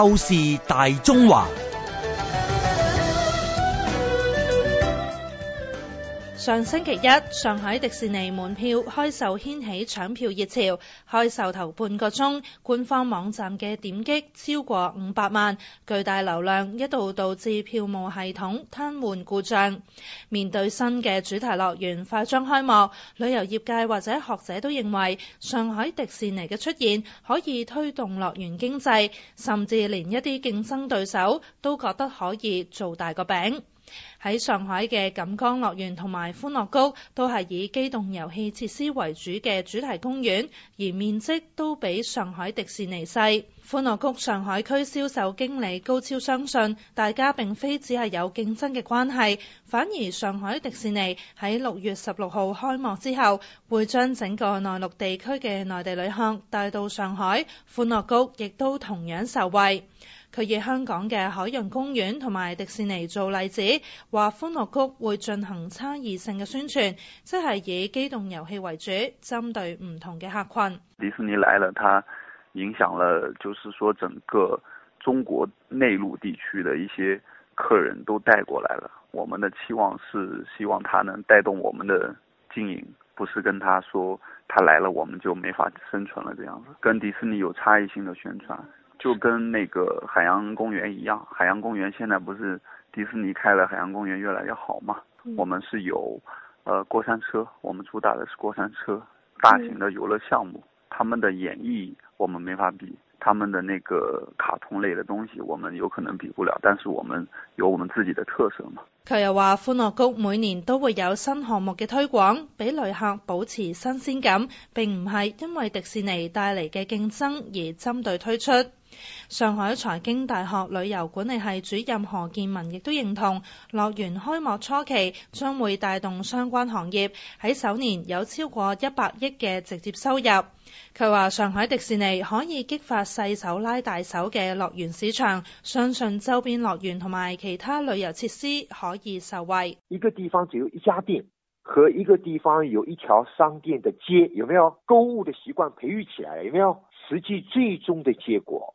透視大中華。上星期一，上海迪士尼門票開售掀起搶票熱潮，開售頭半個鐘，官方網站嘅點擊超過五百萬，巨大流量一度導致票務系統癱瘓故障。面對新嘅主題樂園快將開幕，旅遊業界或者學者都認為，上海迪士尼嘅出現可以推動樂園經濟，甚至連一啲競爭對手都覺得可以做大個餅。喺上海嘅錦江樂園同埋歡樂谷都係以機動遊戲設施為主嘅主題公園，而面積都比上海迪士尼細。歡樂谷上海區銷售經理高超相信，大家並非只係有競爭嘅關係，反而上海迪士尼喺六月十六號開幕之後，會將整個內陸地區嘅內地旅客帶到上海，歡樂谷亦都同樣受惠。佢以香港嘅海洋公園同埋迪士尼做例子，話歡樂谷會進行差異性嘅宣傳，即係以機動遊戲為主，針對唔同嘅客群。迪士尼來了，它影響了，就是說整個中國內陸地區的一些客人都帶過來了。我們的期望是希望它能帶動我們的經營，不是跟他說，他來了，我們就沒法生存了。這樣子，跟迪士尼有差異性的宣傳。就跟那個海洋公園一樣，海洋公園現在不是迪士尼開了海洋公園，越來越好嘛？嗯、我們是有呃過山車，我們主打的是過山車、大型的遊樂項目、嗯。他們的演藝我們沒法比，他們的那個卡通類的東西我們有可能比不了，但是我們有我們自己的特色嘛。佢又話，歡樂谷每年都會有新項目嘅推廣，俾旅客保持新鮮感，並唔係因為迪士尼帶嚟嘅競爭而針對推出。上海財經大學旅遊管理系主任何建文亦都認同，樂園開幕初期將會帶動相關行業，喺首年有超過一百億嘅直接收入。佢話上海迪士尼可以激發細手拉大手嘅樂園市場，相信周邊樂園同埋其他旅遊設施可以受惠。一個地方只有一家店，和一個地方有一條商店的街，有沒有購物的習慣培育起來？有沒有實際最終的結果？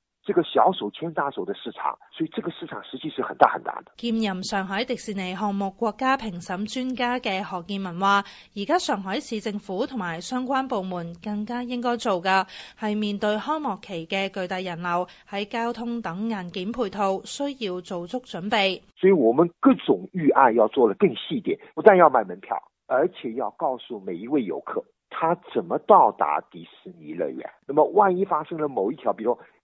小手牽大手的市場，所以這個市場實際是很大很大的。兼任上海迪士尼項目國家評審專家嘅何建文話：而家上海市政府同埋相關部門更加應該做嘅，係面對開幕期嘅巨大人流，喺交通等硬件配套需要做足準備。所以，我們各種預案要做得更細點，不但要賣門票，而且要告訴每一位遊客，他怎麼到達迪士尼樂園。那麼，萬一發生了某一條，比如。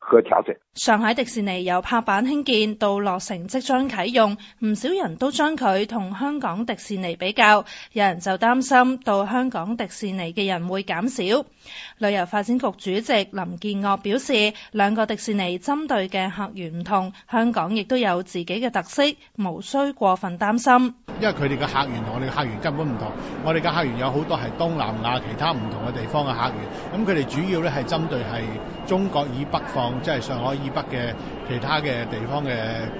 和調整。上海迪士尼由拍板興建到落成即將啟用，唔少人都將佢同香港迪士尼比較，有人就擔心到香港迪士尼嘅人會減少。旅遊發展局主席林建岳表示，兩個迪士尼針對嘅客源唔同，香港亦都有自己嘅特色，無需過分擔心。因為佢哋嘅客源同我哋嘅客源根本唔同，我哋嘅客源有好多係東南亞其他唔同嘅地方嘅客源，咁佢哋主要咧係針對係中國以北方。即係上海以北嘅其他嘅地方嘅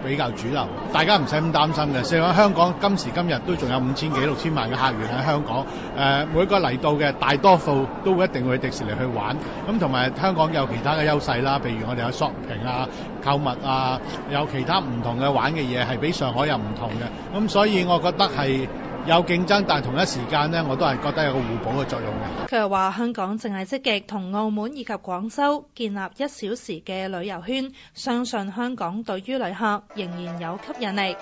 比較主流，大家唔使咁擔心嘅。四個香港今時今日都仲有五千幾六千萬嘅客源喺香港。誒、呃，每個嚟到嘅大多數都會一定會去迪士尼去玩。咁同埋香港有其他嘅優勢啦，譬如我哋有 shopping 啊、購物啊，有其他唔同嘅玩嘅嘢，係比上海又唔同嘅。咁、嗯、所以我覺得係。有競爭，但同一時間呢，我都係覺得有個互補嘅作用嘅。佢又話：香港淨係積極同澳門以及廣州建立一小時嘅旅遊圈，相信香港對於旅客仍然有吸引力。